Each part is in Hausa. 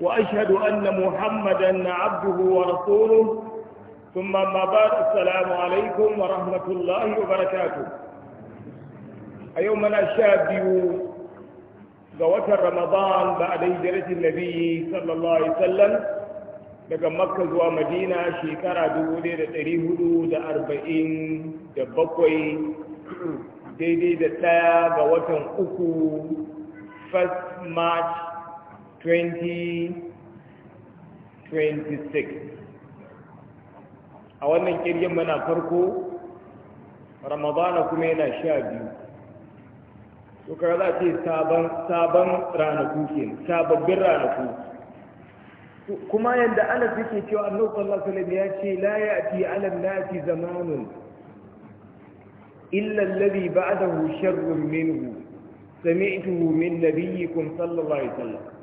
وأشهد أن محمدا عبده ورسوله ثم ما بعد السلام عليكم ورحمة الله وبركاته أيومنا شابي قوات رمضان بعد هجرة النبي صلى الله عليه وسلم daga makka zuwa madina shekara 1447 daidai da ɗaya ga watan uku 1st march 2026 a wannan kirgin mana farko ramadana kuma yana sha biyu suka za ce sabon ranaku ke sababbin ranaku kuma yadda anas yake cewa annabi sallallahu alaihi ya ce la ya'ti ala nati zamanun illa alladhi ba'dahu sharrun minhu sami'tuhu min nabiyyikum sallallahu alaihi wasallam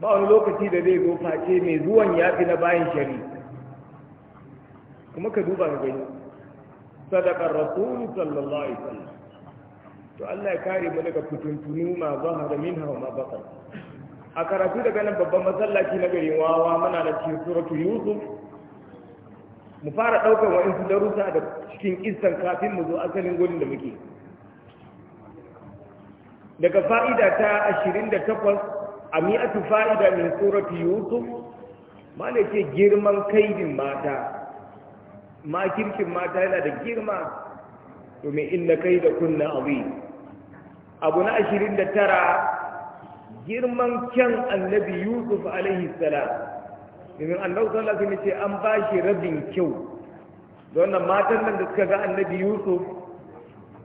ba wani lokaci da zai zo face mai zuwan ya fi na bayan shari kuma ka duba ga gani sadakar rasulu sallallahu alaihi wasallam to Allah ya kare mu daga fitintunu ma zahara minha wa ma baka? a karatu daga nan babban masallaci na garin wawa muna da cikin suratu yusuf mu fara daukar wa'insu darusa da cikin kissan kafin mu zo asalin gurin da muke daga fa'ida ta 28 a mi'atu fa'ida min surati yusuf ma da ce girman kaidin mata ma kirkin mata yana da girma domin inna kai da kunna abu abu na ashirin da tara girman kyan annabi yusuf alaihi salam domin annabi sallallahu alaihi ce an ba shi rabin kyau don matan nan da suka ga annabi yusuf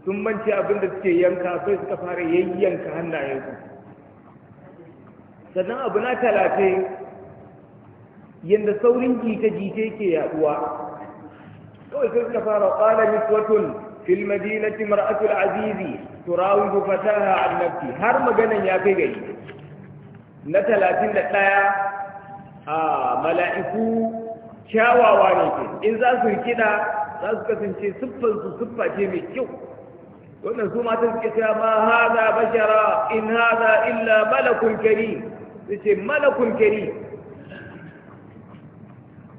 sun manci abin da suke yanka sai suka fara yayyanka hannayensu sannan abu na talatin yadda saurin jita-jita ke yaduwa kawai sai suka fara ƙala miswatun fil madinati mar'atul azizi turawidu fataha an nafsi har maganan ya kai gari na talatin da ɗaya a mala'iku kyawawa ne ke in za su rikida za su kasance siffansu siffa ce mai kyau wannan su matan suke cewa ma hada bashara in hada illa malakun karim sai ce malakun kari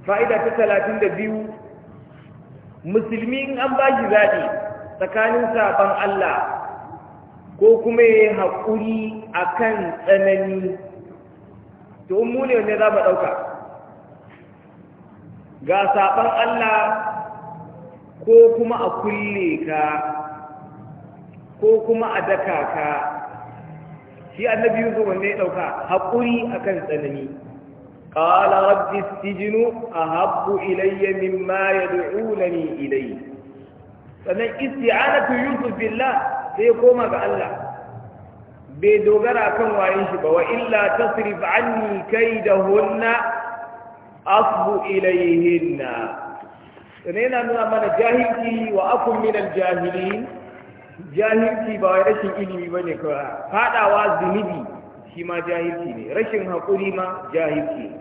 fa'ida ta talatin da biyu musulmi in an ba shi zaɗi tsakanin saɓon Allah ko kuma ya yi haƙuri a kan tsanani to mu ne wanda za mu ɗauka ga saɓon Allah ko kuma a kulle ka ko kuma a daka ka shi annabi yusuf wanda ya dauka haƙuri akan tsanani qala rabbi istijnu ahabbu ilayya mimma yad'unani ilayhi sannan isti'anatu yusuf billah sai koma ga Allah bai dogara kan wayen shi ba wa illa tasrif anni kaidahunna asbu ilayhinna sannan yana nuna mana jahilci wa akun min al-jahilin jahilci ba wai rashin ilimi ba ne kawai faɗawa zunubi shi ma jahilci ne rashin haƙuri ma jahilci ne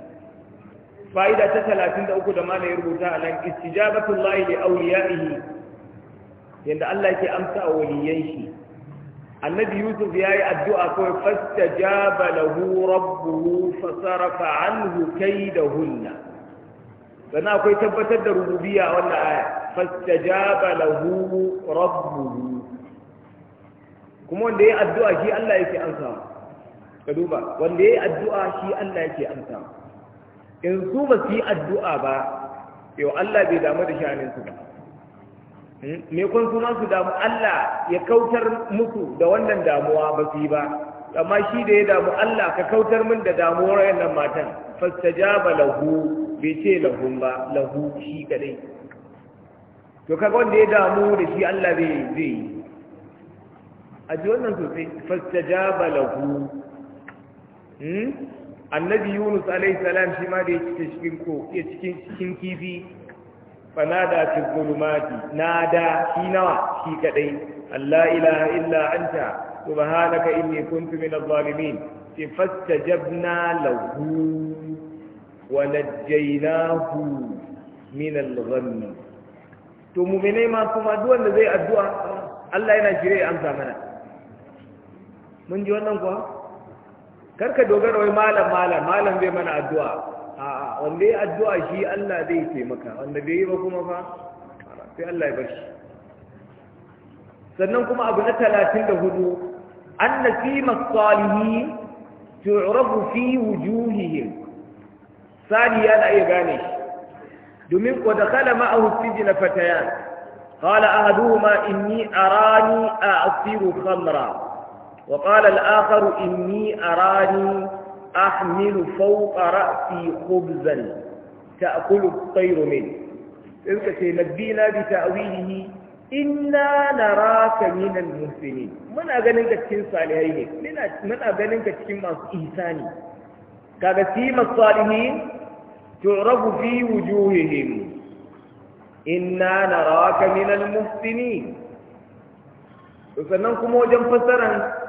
fa'ida ta talatin da uku da mana ya rubuta a nan istijabatul lahi li awliyaihi Yadda Allah ke amsa a waliyan shi annabi yusuf ya yi addu'a kawai da fastajaba lahu rabbuhu fasarafa da kaydahunna sannan akwai tabbatar da rububiyya wannan aya fastajaba lahu rabbuhu kuma wanda ya yi addu'a shi Allah yake amsa ka duba wanda ya yi addu'a shi Allah yake amsa in su ba su yi addu'a ba yau Allah bai damu da shanin su ba hmm? me kun su su damu Allah ya kautar musu da wannan damuwa ba su yi ba amma shi da ya damu Allah ka kautar min da damuwar yannan matan fastajaba lahu bai ce lahum ba lahu shi kadai to kaga wanda ya damu da shi Allah zai zai a ji wannan sosai fastajaba lahu hmm? annabi yunus alaihi salam shi ma da ya cike cikin ko ya cikin cikin kifi fanada fi zulumati nada shi nawa shi kadai allah ilaha illa anta subhanaka inni kuntu min adh-dhalimin fi fastajabna lahu wa min al-ghamm to ma kuma zai addu'a Allah yana an zamana mun ji wannan kuwa karka dogara wai malam malam malam bai mana addu'a a'a wanda ya addu'a shi Allah zai taimaka wanda bai yi ba kuma fa sai Allah ya bar shi sannan kuma abu na 34 anna qimat salihin tu'rafu fi wujuhihim Sani ya da iya gane shi domin ko da kala ma'ahu sijna fatayan qala ahaduhuma inni arani a'siru khamra وقال الآخر إني أراني أحمل فوق رأسي خبزا تأكل الطير منه إنك نبينا بتأويله إنا نراك من المحسنين من أغنينك تكين صالحين من أغنينك تكين إحساني كذا الصالحين تعرف في وجوههم إنا نراك من المحسنين sannan kuma wajen fassarar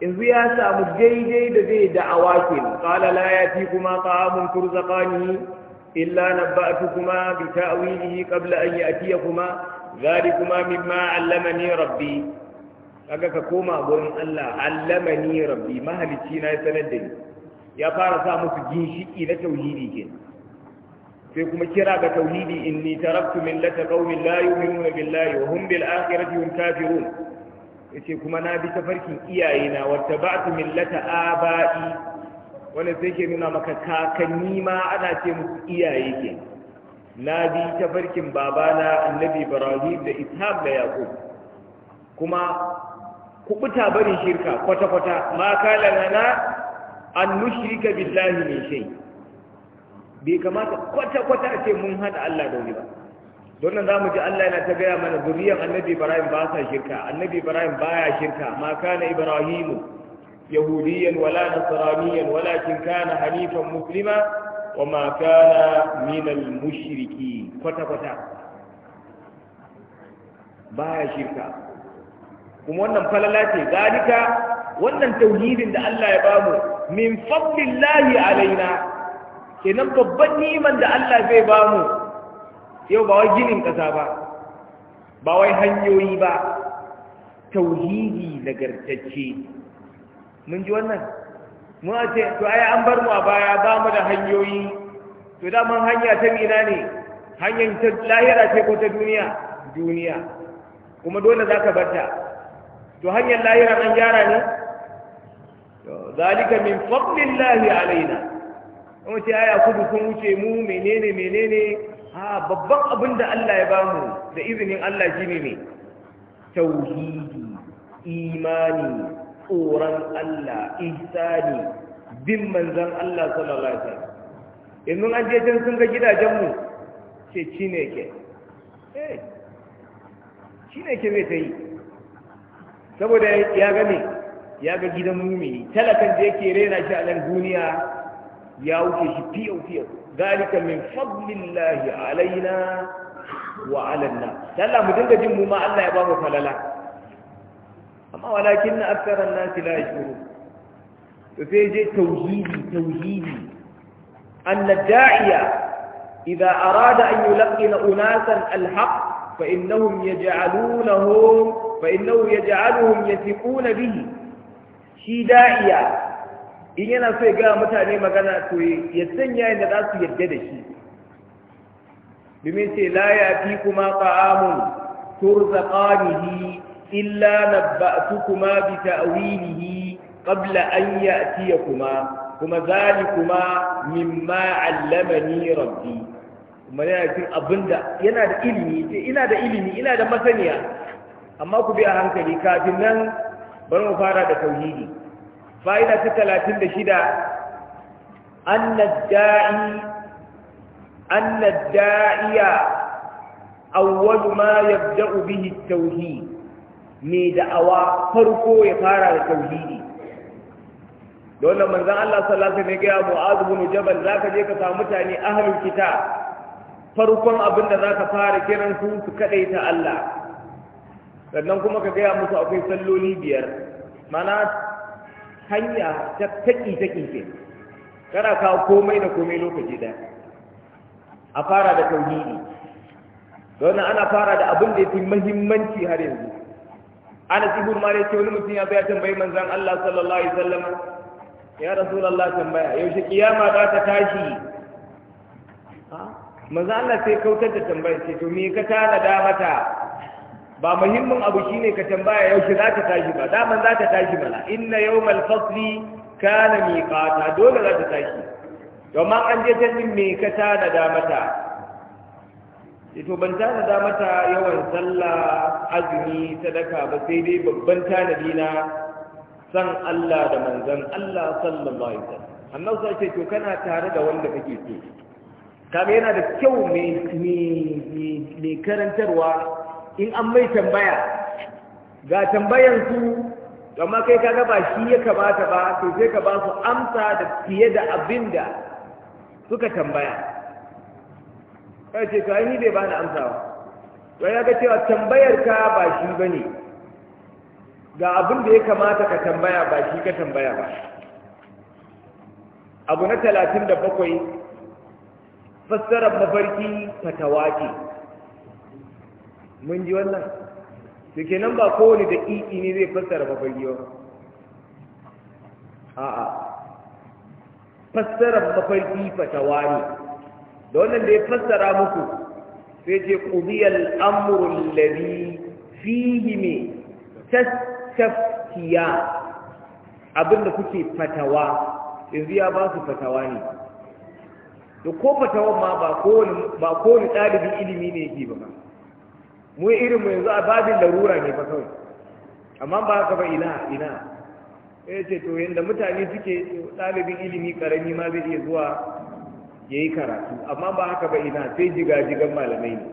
yanzu ya samu daidai da zai da'awa ke qala la fi kuma ta'amun turzaqani illa nabba'tukuma bi ta'wilihi qabla an min ma allama ni rabbi kaga ka koma gurin Allah ni rabbi mahalici na sanar da ni ya fara sa musu ginshiki na tauhidi ke sai kuma kira ga tauhidi inni taraktu millata qaumin la yu'minuna billahi wa hum bil akhirati hum kafirun yace kuma na bi tafarkin iyayena wata ba'tu millata aba'i wanda sai ke nuna maka kakanni ma ana ce musu iyaye ke na bi tafarkin babana annabi ibrahim da ishaq da yaqub kuma kubuta barin shirka kwata kwata ma kala lana an nushrika billahi min shay bai kamata kwata kwata a ce mun hada Allah da wani ba don nan za mu ji Allah yana ta gaya mana zuriyar annabi Ibrahim ba sa shirka annabi Ibrahim ba ya shirka ma kana Ibrahim yahudiyan wala nasraniyan walakin kana hanifan muslima wa ma kana min al mushriki kwata kwata ya shirka kuma wannan falala ce zalika wannan tauhidin da Allah ya bamu min fadlillahi alaina kenan babban niman da Allah zai bamu yau ba wai ginin ƙasa ba ba wai hanyoyi ba tauhidi gartacce mun ji wannan mun a ce to ai an bar mu a baya ba mu da hanyoyi to da mun hanya ta mina ne hanyar ta lahira ce ko ta duniya duniya kuma dole za ka barta to hanyar lahira nan gyara ne zalika min fadlillahi alaina kuma ce aya kudu sun wuce mu menene menene a babban abin da Allah ya bamu da izinin Allah shi ne tauhidi imani tsoron Allah ihsani bin manzon Allah sallallahu alaihi wasallam yanzu an je can sun ga gidajen mu ce ne ke eh ne ke zai ta yi saboda ya ga ne ya ga gidan mumini talakan da yake rena shi a nan duniya ya wuce shi fiyau fiyau ذلك من فضل الله علينا وعلى الناس لا مدنجا جمو ما الله يبامو فللا أما ولكن أكثر الناس لا يشكرون ففي توجيهي توجيهي أن الداعية إذا أراد أن يلقن أناسا الحق فإنهم يجعلونهم فإنه يجعلهم يثقون به شي داعية in yana so ya gaya mutane magana to ya sanya yadda za su yarda da shi domin sai la ya fi kuma ta'amun turzaqanihi illa nabba'tukuma bi ta'wilihi qabla an ya'tiyakuma kuma zalikuma mimma 'allamani rabbi kuma yana cikin abinda yana da ilimi ina da ilimi ina da masaniya amma ku bi a hankali kafin nan bari mu fara da tauhidi fa'ida ta talatin da shida an da'iya awwalu ma yabda'u bihi tauhid mai da'awa farko ya fara da tauhidi dole manzon Allah sallallahu alaihi wasallam ya ga Mu'adh bin Jabal zaka je ka samu mutane ahlul kitab farkon abin da za ka fara kiran su su kadaita Allah sannan kuma ka gaya musu akwai salloli biyar mana hanya ta taƙi taƙi ce kana kawo komai da komai lokaci ɗaya a fara da tauhidi don ana fara da abin da ya fi muhimmanci har yanzu ana sibur ma da ce wani mutum ya bayar tambayi manzan Allah sallallahu alaihi wasallam ya Allah tambaya yaushe kiyama za ta tashi ah, manzan Allah sai kautar da tambayar ce to me ka tana da mata ba muhimmin abu ne ka tambaya yaushe za ta tashi ba daman za ta tashi mana inna yawmal fasli kana miƙata, dole za ta tashi domin an je ta din me ka tana da mata ito eh, ban tana da mata yawan sallah azumi sadaka ba sai dai babban tanadi na san Allah da manzon Allah sallallahu alaihi wasallam annabi sai ce to kana tare da wanda kake so kaga yana da kyau mai karantarwa in an mai tambaya ga tambayan su amma kai ka ba shi ya kamata ba to sai ka ba su amsa da fiye da abin da suka tambaya kai ce to ni bai bani amsa ba to ya ga cewa tambayar ka ba shi bane ga abin da ya kamata ka tambaya ba shi ka tambaya ba abu na talatin da bakwai fassarar mafarki fatawa ce mun ji wannan to kenan ba kowane da ƙiƙi ne zai fassara mafarki ba a'a fassara mafarki fatawa ne da wannan da ya fassara muku sai ce qudiyal amru alladhi fihi me tastaftiya abinda kuke fatawa yanzu ya ba su fatawa ne da ko fatawan ma ba kowane ɗalibin ilimi ne yake ba mu irin mu yanzu a babin larura ne fa kawai amma ba haka ba ina ina ya ce to yadda mutane suke ɗalibin ilimi karami ma zai iya zuwa ya yi karatu amma ba haka ba ina sai jigajigan malamai ne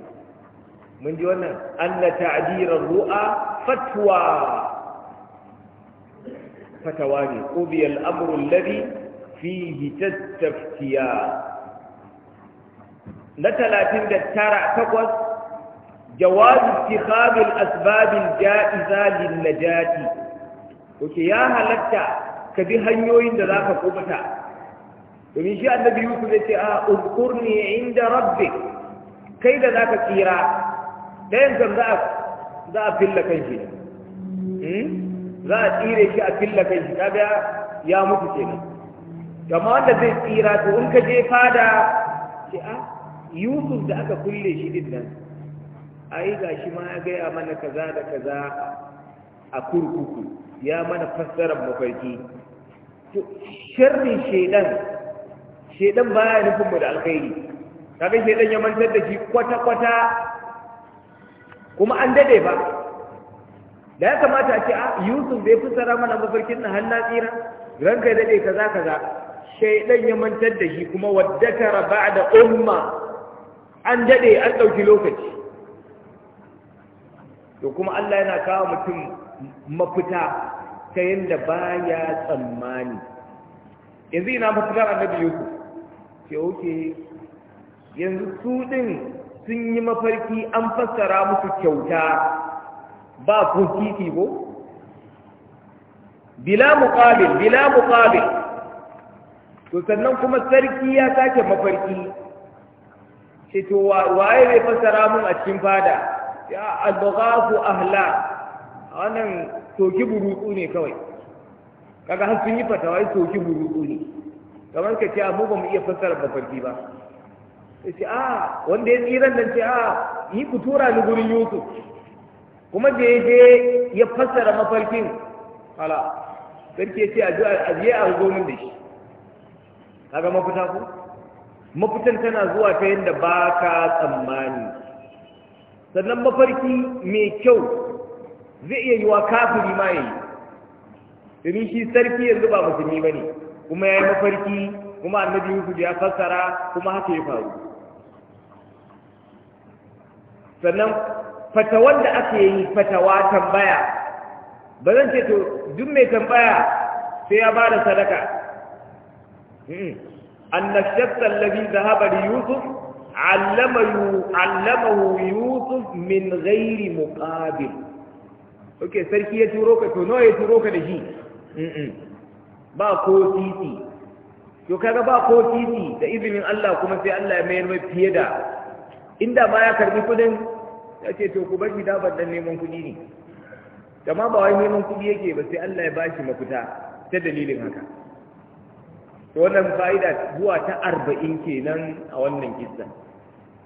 mun ji wannan an na ta'adiran ru'a fatwa fatawa ne ko biyal amurin lari fihi tattaftiya na talatin da tara takwas جواز اتخاذ الأسباب الجائزة للنجاة وكي يا هلتا كبي هنيوين دلاك قبتا ومن شاء النبي يوسف يتي اذكرني عند ربك كيد ذاك كيرا لا يمكن ذاك ذا أفل كنشي ذا أتيري شيء أفل كنشي كابا يا مكتين كما أنت ذي كيرا تقول كجي فادا يوسف ذاك كل شيء دلنا ai shi ma ya gaya mana kaza da kaza a kurkuku ya mana fassarar mafarki sharrin shaidan shaidan baya nufin mu da alkhairi kaga shaidan ya mantar da shi kwata-kwata kuma an dade ba da ya kamata a ce a ah, yusuf bai fassara mana mafarkin na hannu tsira ranka dade kaza kaza shaidan ya mantar da shi kuma wadda waddatara da umma an dade an ɗauki lokaci to kuma Allah yana kawo mutum mafita ta yadda ya tsammani yanzu ina mafitar nabi Yusuf ke oke yanzu su din sun yi mafarki an fassara musu kyauta ba ko titi ko bila muqabil bila muqabil to sannan kuma sarki ya sake mafarki ce to waye zai fassara mun a cikin fada ya albaghasu ahla wannan soki buruku ne kawai kaga har sun yi fatawa soki buruku ne kamar ka ce mu ba mu iya fassara mafarki ba sai ce a wanda ya tsira nan ce a yi ku tura ni gurin yusuf kuma da ya je ya fassara mafarkin hala sarki ya ce a je a zo min da shi kaga mafita ku mafitan tana zuwa ta yadda ba ka tsammani sannan mafarki mai kyau zai iya yiwa kafiri ma yi domin shi sarki yanzu ba musulmi ne. kuma ya yi mafarki kuma annabi Yusuf ya fassara kuma haka ya faru sannan fatawan da aka yi fatawa tambaya ba zan ce to duk mai tambaya sai ya ba da sadaka annashattar labi zahaba da yusuf allamahu yusuf min ghairi muqabil okay sarki ya turo ka to nawa ya turo ka da shi ba ko titi to kaga ba ko titi da izinin Allah kuma sai Allah ya mayar mai fiye da inda ba ya karbi kudin ya ce to ku bar shi dabar dan neman kudi ne amma ba wai neman kudi yake ba sai Allah ya bashi mafita ta dalilin haka to wannan fa'ida zuwa ta arba'in kenan a wannan kisan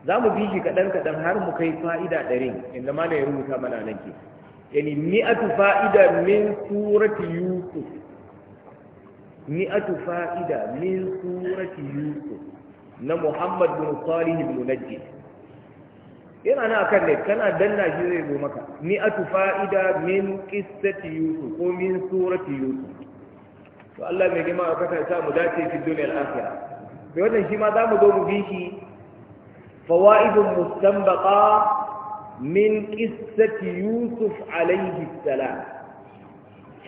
za mu bi shi kaɗan kaɗan har mu kai fa'ida ɗarin inda mana ya rubuta mana nan ke yani mi'atu fa'ida min surati yusuf mi'atu fa'ida min surati yusuf na muhammad bin salih bin najji yana na kan ne kana danna shi zai zo maka mi'atu fa'ida min kistati yusuf ko min surati yusuf to Allah mai gima a kasar sa mu dace fi duniyar afiya bai wannan shi ma za mu zo mu bi shi فوائد مستنبطة من قصة يوسف عليه السلام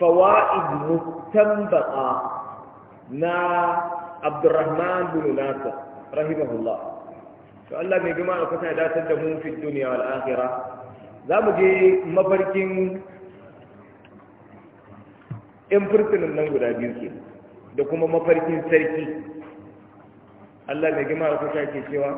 فوائد مستنبطة نا عبد الرحمن بن ناصر رحمه الله فالله من جماعة كتنا لا تدهم في الدنيا والآخرة za mu je mafarkin ‘yan fursunan nan guda biyu ke da kuma mafarkin sarki Allah mai gima da kusa ke cewa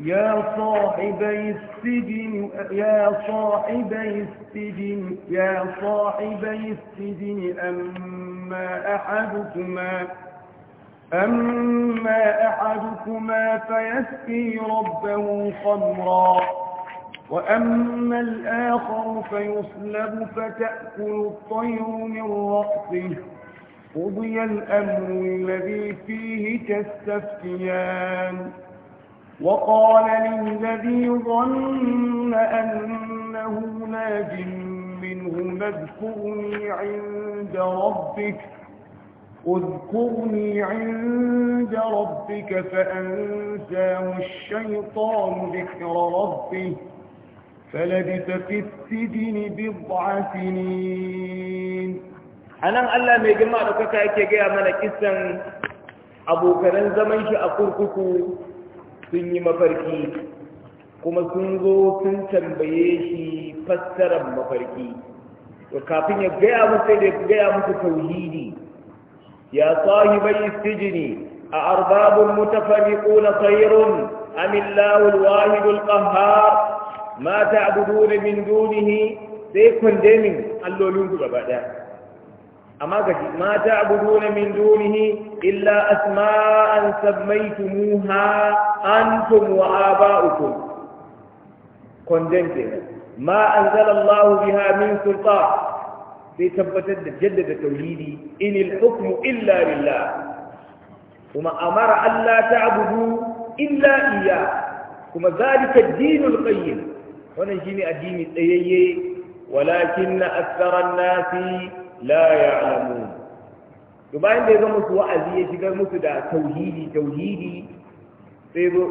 يا صاحبي السجن يا صاحبي السجن يا صاحبي السجن أما أحدكما أما أحدكما فيسقي ربه خمرا وأما الآخر فيصلب فتأكل الطير من رأسه قضي الأمر الذي فيه تستفتيان وقال للذي ظن أنه ناج منه اذكرني عند ربك اذكرني عند ربك فأنساه الشيطان ذكر ربه فلبث في السجن بضع سنين أنا ألا يجمع لك كأكي يا ملك السن أبو كرن زمن شأ كرككو sun yi mafarki kuma sun zo sun tambaye shi fassarar mafarki kafin ya gaya musu da gaya musu tauhidi ya sahibai sijini a arbabun mutafariquna khairun am amillahul wahidul alqahhar ma ta'buduna min dunihi sai kundemin allolin gaba daya amma ka ji ma ta'buduna min dunihi illa asma'an sammaytumuha antum wa aba'ukum condemn kenan ma anzalallahu biha min sultan sai tabbatar da jaddada tauhidi inil hukmu illa lillah kuma amara Allah ta'budu illa iya kuma zalika ad-dinul qayyim wannan shine addini tsayayye walakin aktsara an-nasi la ya'lamun to bayan da ya zama su wa'azi ya shigar musu da tauhidi tauhidi sai zo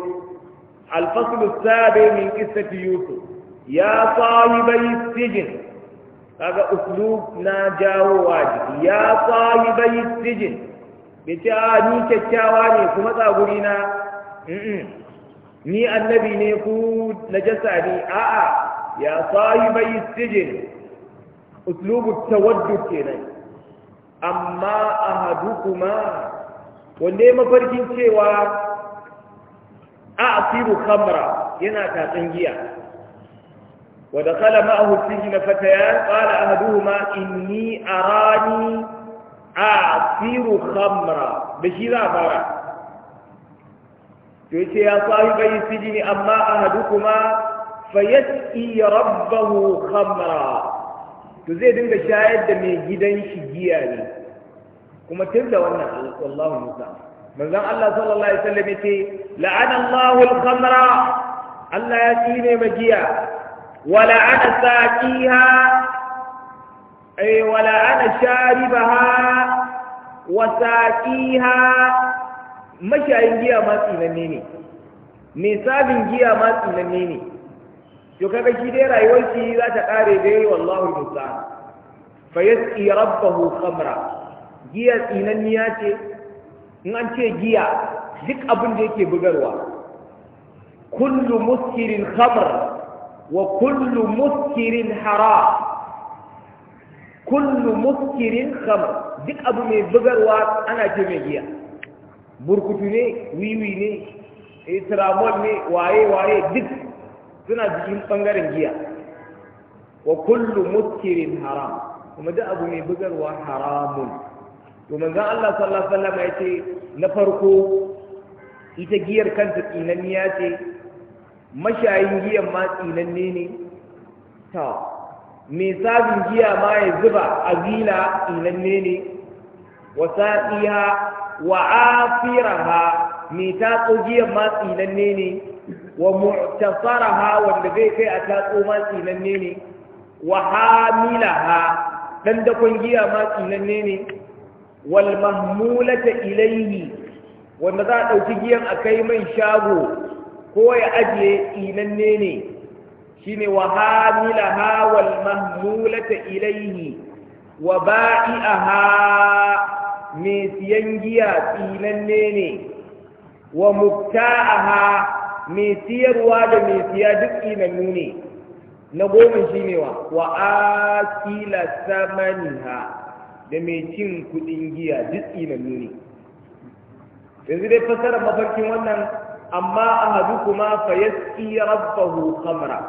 al-faslu sabi min qissati yusuf ya sahibai sijin kaga uslub na jawo waji ya sahibai sijin bai ce ah, ni kyakkyawa ne kuma tsaguri na ni annabi ne ku najasa ne a'a ya sahibai sijin uslubu tawaddud kenan amma ahadukuma wanda ya mafarkin cewa a asiru khamra yana tatsan giya wa kala ma'ahu sijna fatayan qala ahaduhuma inni arani asiru khamra da shi za a fara to yace ya sahibai sijni amma ahadukuma fayasqi rabbahu khamra to zai dinga shayar da mai gidan shi giya ne kuma tun da wannan wallahu musa manzon Allah sallallahu alaihi wasallam yace la'ana Allahu al-khamra Allah ya tsine ma giya wa la'ana saqiha ay wa la'ana sharibaha wa saqiha mashayin giya ma tsinanne ne mai sabin giya ma tsinanne ne to kaga shi dai rayuwar shi za ta kare dai wallahu musta'an fa yasqi rabbahu khamra giya tsinanniya ce in an ce giya duk abin da yake bugarwa kullu muskirin khamr wa kullu muskirin haram kullu muskirin khamr duk abu mai bugarwa ana ce mai giya burkutu ne wiwi ne eh, tramol ne waye waye duk suna jikin ɓangaren giya wa kullu mutkirin haram kuma da abu mai bugarwa haramun to manzon Allah sallallahu alaihi wasallam ya na farko ita giyar kanta tsinanniya ce mashayin giyan ma tsinanne ne ta me sabin giya ma ya zuba a zila tsinanne ne wa sa'iha wa afiraha me tatso giyan ma tsinanne ne wa mu'tasaraha wanda zai kai a tatso ma tsinanne ne wa hamilaha dan da giya ma tsinanne ne wal mahmulata ilayhi wanda za a ɗauki giyan a kai mai shago ko ya ajiye tsinanne ne shine wa hamilaha wal mahmulata ilayhi wa ba'i'aha mai siyan giya tsinanne ne wa mukta'aha mai siyarwa da mai siya duk inannu ne na goma shi ne wa wa akila samaniha da mai cin kudin giya duk inannu ne yanzu dai fasara mafarkin wannan amma a hadu kuma fa yasqi rabbahu kamara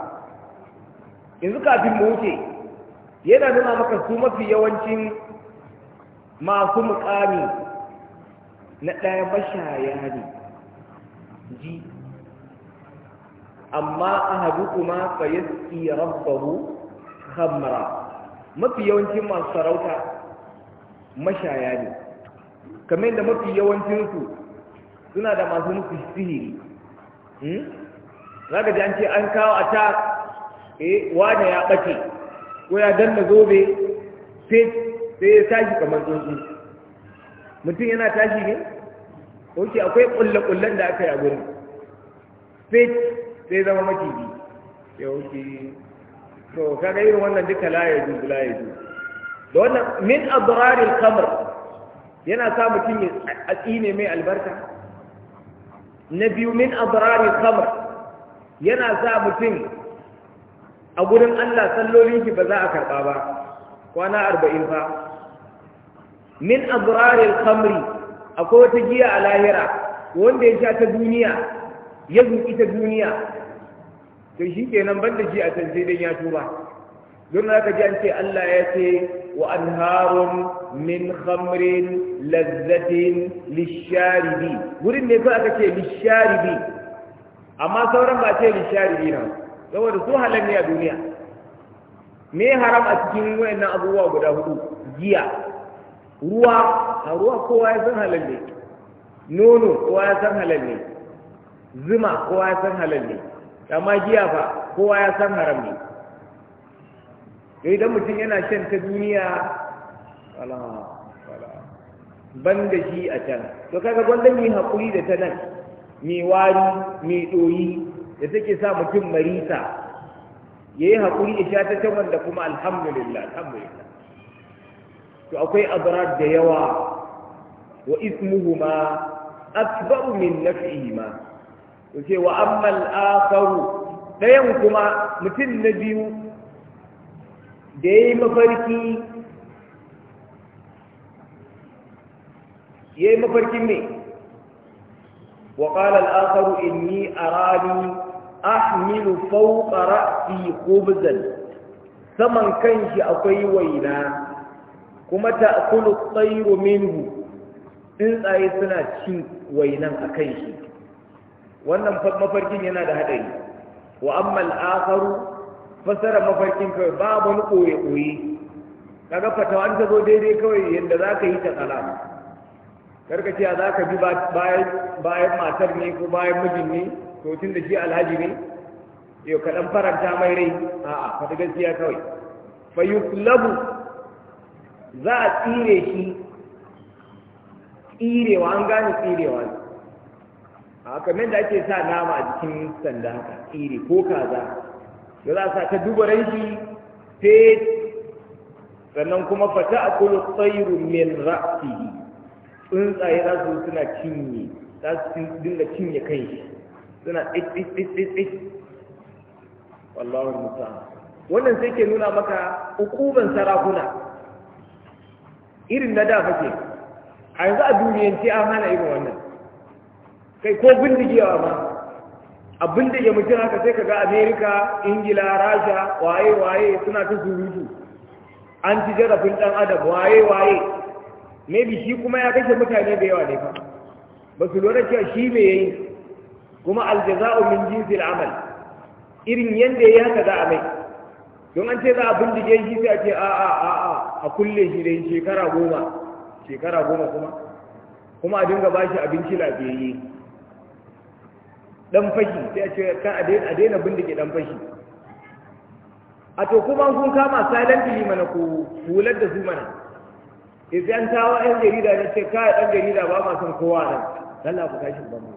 yanzu kafin mu wuce yana nuna maka su mafi yawancin masu mukami na ɗaya mashaya ne ji amma ahadukuma fa yasqi rabbahu khamra mafi yawancin masu sarauta mashaya ne kamar yadda mafi yawancinsu suna da masu nufi sihiri hmm? zaka ji an ce an kawo a ta eh wani ya ɓace ko ya danna zobe sai ya tashi kamar tsuntsu mutum yana tashi ne oke akwai ƙulle-ƙullen da aka yi a gurin sai sai zama maciji ya wuce to kaga irin wannan duka la ya juzu la ya da wannan min adraril kamar yana sa mutum ya tsine mai albarka na biyu min adraril kamar yana sa mutum a gurin Allah sallolin shi ba za a karba ba kwana arba'in fa min adraril khamri akwai wata giya a lahira wanda ya sha ta duniya ya zuƙi ta duniya to shi kenan ban da shi a can sai dai ya tura, don haka ji an ce Allah ya ce wa anharun min khamrin lazzatin lisharibi wurin ne a aka ce lisharibi amma sauran ba ce lisharibi na saboda su halar ne a duniya me haram a cikin wayannan abubuwa guda hudu giya ruwa a ruwa kowa ya san halal ne nono kowa ya san halal ne zuma kowa ya san halal ne amma giya fa kowa ya san haram ne idan mutum yana shan ta duniya ban da shi a can to kaga gwanda mai haƙuri da ta nan mai wari mai ɗoyi da take sa mutum marisa ya yi haƙuri ya sha ta can wanda kuma alhamdulillah alhamdulillah to akwai abrar da yawa wa ismuhu ismuhuma akbaru min naf'ihima yace wa ammal akharu dayan kuma mutum na biyu da yayi mafarki yayi mafarkin ne wa qala in yi a arani ahmilu fawqa ra'si khubzan saman kanshi akwai waina kuma ta'kulu Kulu, tayru minhu tsuntsaye suna cin wainan a kan shi wannan mafarkin yana da haɗari wa amma al'akaru fasara mafarkin kawai babu wani ɓoye-ɓoye kaga fatawan an zo daidai kawai yadda za ka yi ta tsala karka ce za ka bi bayan matar ne ko bayan mijin ne to tun da shi alhaji ne yau kaɗan faranta mai rai a'a fata gaskiya kawai fa yuklabu za a tsire shi tsirewa an gane tsirewa ne a kamar da ake sa nama a jikin sanda haka iri ko kaza da za a sa ta duba ranki sai sannan kuma fata a kulu tsayiru min rafi tsuntsaye za su suna cinye za su dinga cinye kai suna tsitsitsitsits wallahu musa wannan sai ke nuna maka hukuban sarakuna irin na da fake a yanzu a ce an hana irin wannan kai ko bindigewa ma a bindige mutum haka sai ka ga amerika ingila rasha waye waye suna ta surutu an ci jarafin dan adam waye waye maybe shi kuma ya kashe mutane da yawa ne fa ba su lura cewa shi mai yayi kuma aljaza'u min jinsi al'amal irin yanda yayi haka za a mai don an ce za a bindige shi sai a ce a a a a a kulle shi dai shekara goma shekara goma kuma kuma a dinga bashi abinci lafiyayye dan fashi sai a ce ka a daina bindige dan fashi a to kuma kun kama silently mana ku hular da su mana eh, idan an wa yan jarida ne ce kai dan jarida ba ma san kowa ne Allah ku tashi ban mu.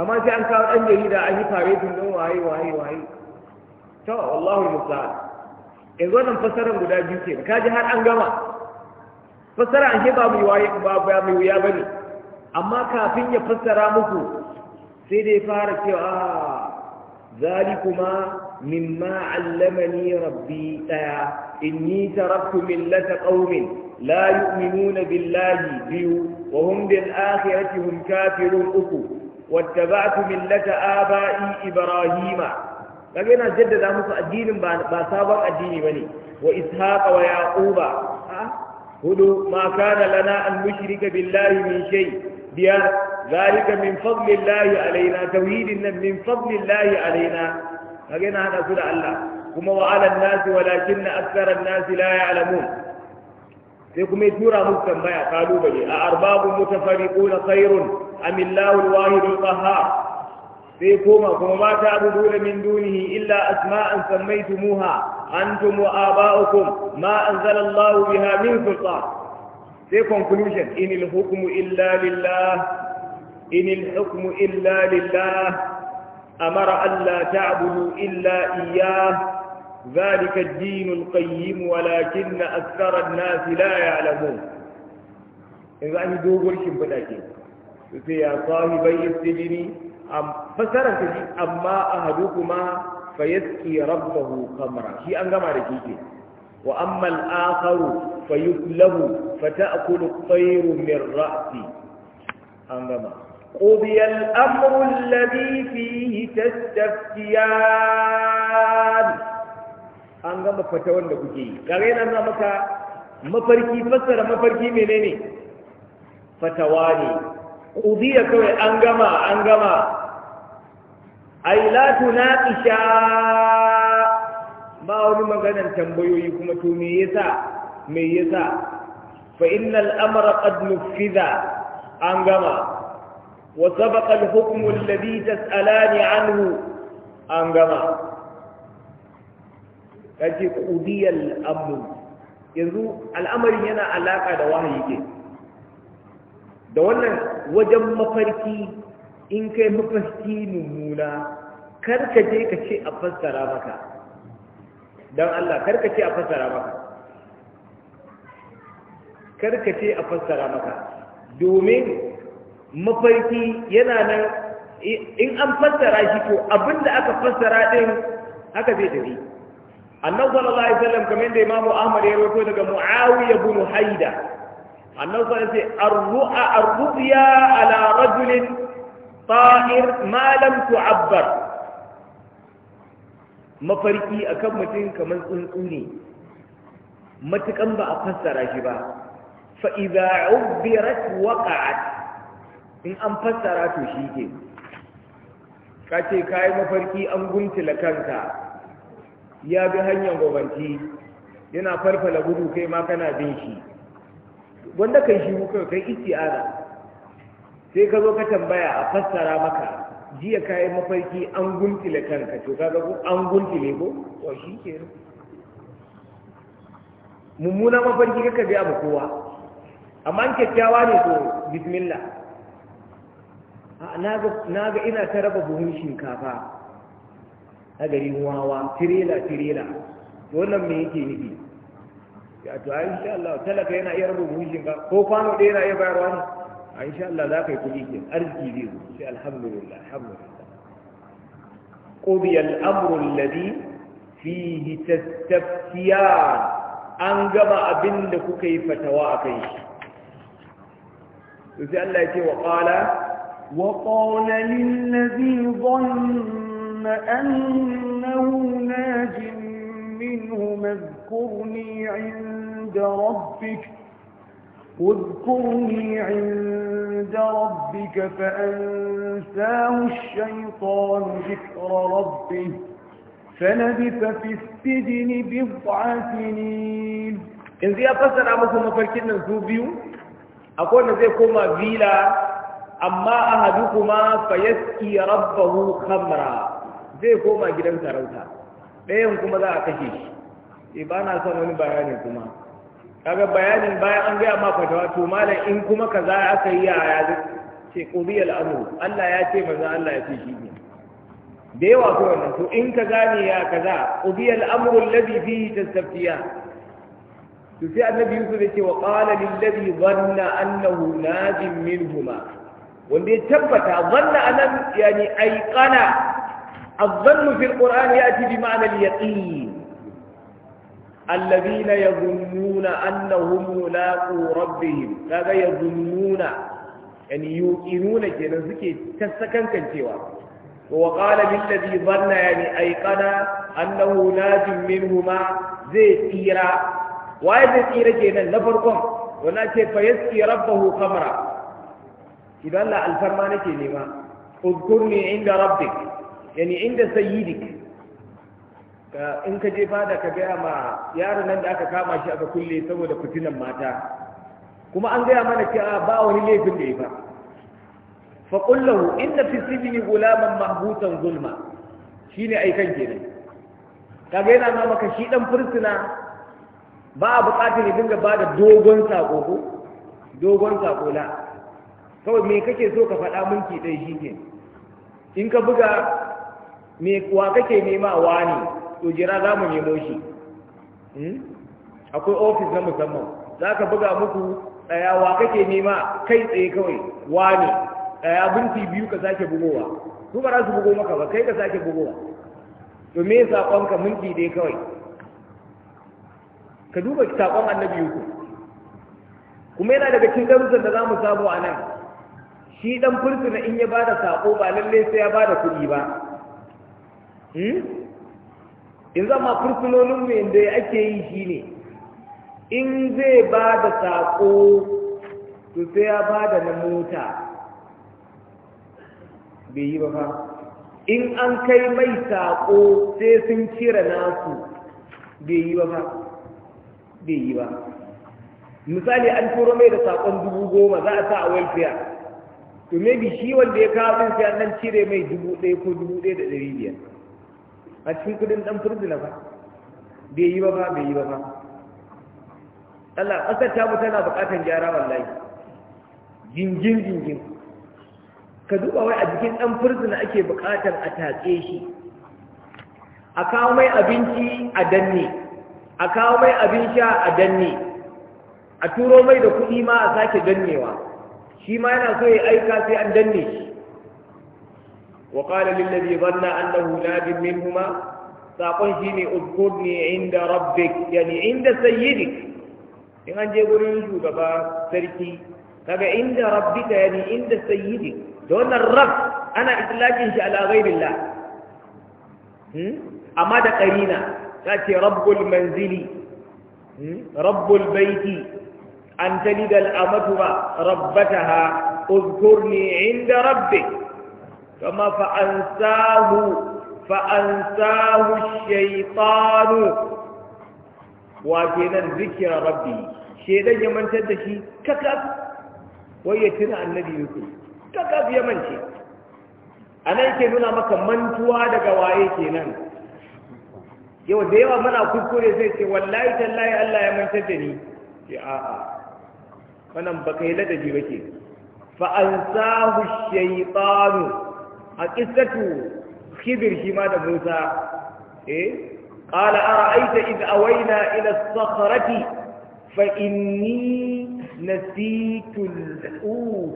amma sai an kawo dan jarida an yi fare tun don waye waye waye to wallahi musta'an zo nan fasarar guda biyu ke ji har an gama fassara an ba mai waye ba mai wuya bane amma kafin ya fassara muku sai dai fara cewa ah, zalikuma mimma allamani rabbi daya inni taraktu millata qaumin la yu'minuna billahi biyu wa hum bil akhirati hum kafirun uku wattaba'tu millata aba'i ibrahima kage na jaddada musu addinin ba ba sabon addini bane wa ishaqa wa yaquba ah, hudu ma kana lana an nushrika billahi min shay' ديار ذلك من فضل الله علينا توحيد من فضل الله علينا فقينا هذا سورة الله كما وعلى الناس ولكن أكثر الناس لا يعلمون فيكم يتورى إيه مسكن بيع قالوا بلي أأرباب متفرقون خير أم الله الواحد القهار فيكم كما ما تعبدون من دونه إلا أسماء سميتموها أنتم وآباؤكم ما أنزل الله بها من سلطان sai conclusion inil hukmu illa lillah inil hukmu illa lillah amara allah ta'budu illa iyyah zalika ad-dinul qayyim walakin akthara an-nas la ya'lamun In an yi dogon shimfiɗa ke sai ya sahibai istijini fasarar ta amma ahadukum fa rabbahu khamra shi an gama da kike وأما الآخر فيكله فتأكل الطير من رأسي أنظم قضي الأمر الذي فيه تستفتيان أنظم فتوان لكي كغير أنها مكا مفركي فسر مفركي منيني فتواني قضي كوي أنغما أنغما أي لا تناقشان ba wani maganan tambayoyi kuma to me yasa me yasa fa innal amra qad nufiza an gama wa sabaqa al hukmu alladhi tas'alani anhu an gama kace qudiyal amru yanzu al'amarin yana alaka da wahayi ke da wannan wajen mafarki in kai mafarki mummuna kar ka je ka ce a fassara maka don Allah karka ce a fassara maka karka ce a fassara maka domin mafarki yana nan in an fassara shi ko abinda aka fassara din haka zai tafi annabi sallallahu alaihi wasallam kamar da imamu ahmad ya rawaito daga muawiya ibn haida annabi sallallahu alaihi wasallam ar-ru'ya ala rajulin ta'ir ma lam tu'abbar mafarki akan mutum kamar tsuntsu ne matukan ba a fassara shi ba fa idza in an fassara to shi ke ka ce ka yi mafarki an guntula kanka ya bi hanyar gwamnati. yana farfala gudu kai ma kana bin shi wanda kai shi kai kai isti'aza sai ka zo ka tambaya a fassara maka jiya kayi mafarki an guntile kanka to kaga ko an guntile ko to shi ke mummuna mafarki kaka biya ba kowa amma an kyakkyawa ne to bismillah na ga ina ta raba buhun shinkafa a garin wawa tirela tirela wannan me yake nufi ya to ai insha Allah talaka yana iya raba buhun shinkafa ko kwano ɗaya yana iya bayarwa ne a insha Allah za ka yi kuɗi ke arziki zai zo sai alhamdulillah alhamdulillah qudiya al-amru alladhi fihi tastaftiyan an gama abin da kuka yi fatawa akan shi sai Allah ya ce wa qala wa qala lil ladhi dhanna annahu najin minhu madhkurni 'inda rabbika واذكرني عند ربك فأنساه الشيطان ذكر ربه فلبث في السجن بضع سنين إن زي أفسر أمكم مفركين نزوبيو أقول زي كوما فيلا أما أحدكما فيسقي ربه خمرا زي كوما جدًا تروتا ɗayan kuma za أكشيش إبانا سنوني ba na kaga bayanin bayan an gaya ma fatawa to malam in kuma kaza aka yi yaya zai ce qudiyal amru Allah ya ce maza Allah ya ce shi ne da yawa ko wannan to in ka gane ya kaza qudiyal amru alladhi fihi tastaftiya to sai annabi Yusuf ya ce wa qala lil ladhi dhanna annahu najim minhuma wanda ya tabbata dhanna anan yani aiqana الظن في القرآن يأتي بمعنى اليقين allazina yadhunnuna annahum mulaqu rabbihim kaga yadhunnuna yani yuqinuna kenan suke tasakankancewa wa qala lil ladhi dhanna yani ayqana annahu najim minhuma zai tsira waye zai tsira kenan na farkon wannan ce fa yasqi rabbahu khamra idan la alfarma nake nema udkurni inda rabbik yani inda sayyidik in ka je fada ka gaya ma yaron nan da aka kama shi aka kulle saboda fitinan mata kuma an gaya mana cewa ba wani laifin da ya ba fa qul inna fi sibni gulaman mahbutan zulma shine ai kan kenan kaga yana ma maka shi dan fursuna ba a bukatar ya dinga bada dogon sako ko dogon sako la kawai me kake so ka faɗa ki dai shi in ka buga me wa kake nema wani to za mu nemo shi hmm? akwai ofis na musamman za ka buga muku Wa kake nema kai tsaye kawai ne ɗaya binti biyu ka sake bugowa su ba za su bugo maka ba kai ka sake bugowa to me saƙonka minti dai kawai ka duba saƙon annabi yuku kuma yana daga cikin darussan da za mu samu a nan shi dan fursuna in ya da saƙo ba lallai sai ya bada kuɗi ba hmm? in zama fursunonin mu yadda ake yi shi ne, in zai ba da saƙo to sai ya ba da na mota bai yi ba fa in an kai mai saƙo sai sun cire nasu bai yi ba fa bai yi ba misali an turo mai da saƙon dubu goma za a sa a welfare to maybe shi wanda ya kawo sai an nan cire mai dubu ɗaya ko dubu ɗaya da ɗari biyar a cikin kudin dan furzina ba bai yi ba ba bai yi ba ba Allah ƙasar ta mutu tana buƙatar gyara wallahi jingin jingin ka duba wai a jikin dan furzina ake buƙatar a tatse shi a kawo mai abinci a danne a kawo mai abin sha a danne a turo mai da kuɗi ma a sake dannewa shi ma yana so ya aika sai an danne shi wa qala lil ladhi dhanna annahu labin minhuma saƙon shi ne udkurni inda rabbik yani inda sayyidik in an je gurin shugaba sarki kaga inda rabbika yani inda sayyidik da wannan rabb ana itlaqin shi ala ghairillah hmm amma da qarina ta ce manzili rabbul baiti an talida al amatu inda rabbik kama fa'ansahu fa'ansahu shaitanu wa kenan zikirar rabbi shaidan ya mantar da shi kakaf wai ya tuna annabi yusuf kakaf ya mance a nan ke nuna maka mantuwa daga waye kenan yau da yawa mana kuskure zai ce wallahi tallahi Allah ya mantar da ni ce a'a wannan baka yi ladabi ba ke fa an sahu shaytanu a kissatu kibir shi ma da Musa eh qala ara'aita id awayna ila as fa inni na al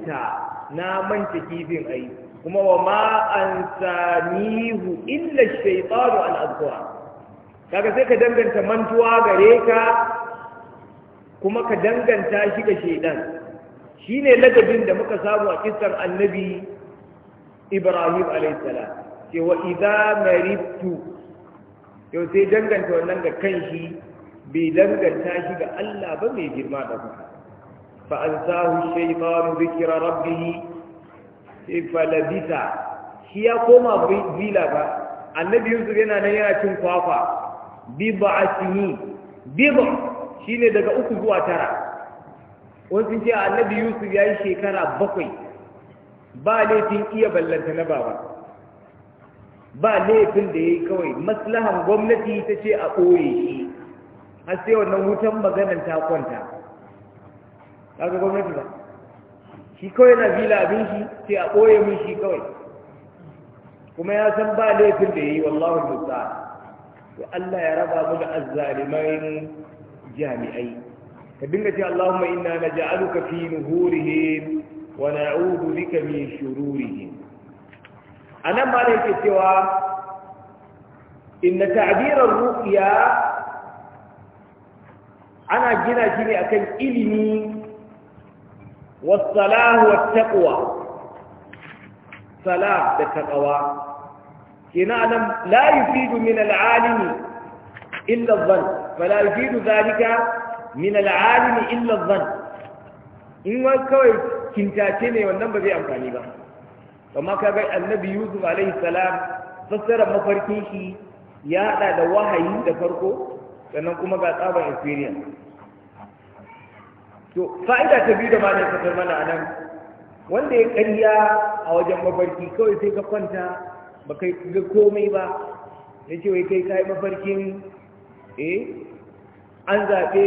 na manta kifin ai kuma wa ma an sanihu illa shaytanu an kaga sai ka danganta mantuwa gare ka kuma ka danganta shi ga Shi shine ladabin da muka samu a kisan annabi ibrahim alaihissalam ce wa idza maridtu yau sai danganta wannan ga kanshi bai danganta shi ga Allah ba mai girma da ku fa ansahu shaytanu dhikra rabbih sai falabita shi ya koma bila ba annabi yusuf yana nan yana cin kwakwa a bib'atihi bib shine daga uku zuwa tara wasu ce annabi yusuf ya yi shekara bakwai ba laifin iya ballanta na baba ba laifin da ya yi kawai maslahan gwamnati ta ce a ɓoye shi har sai wannan wutan maganan ta kwanta kaga gwamnati ba shi kawai na fila abin shi sai a ɓoye min shi kawai kuma ya san ba laifin da ya yi wallahu musa to Allah ya raba mu da azzalimai jami'ai ka dinga ce Allahumma inna naj'aluka fi nuhurihim wani abubu duka mai shururi ne a nan ba cewa inda ta'abirar rukiya ana gina shi ne akan ilimi wasu salahu wa taɓuwa salah da taɓawa ke na nan layu fido min al'alimi illa zan falafido zalika min al'alimi illa zan in wani kawai kintace ne wannan ba zai amfani ba amma ka ga annabi yusuf alaihi salam fassara mafarkin shi ya hada da wahayi da farko sannan kuma ga tsaban experience to fa'ida ta biyu da ma ne fitar mana anan wanda ya karya a wajen mafarki kawai sai ka kwanta ba kai ga komai ba ya ce wai kai kai mafarkin eh an zaɓe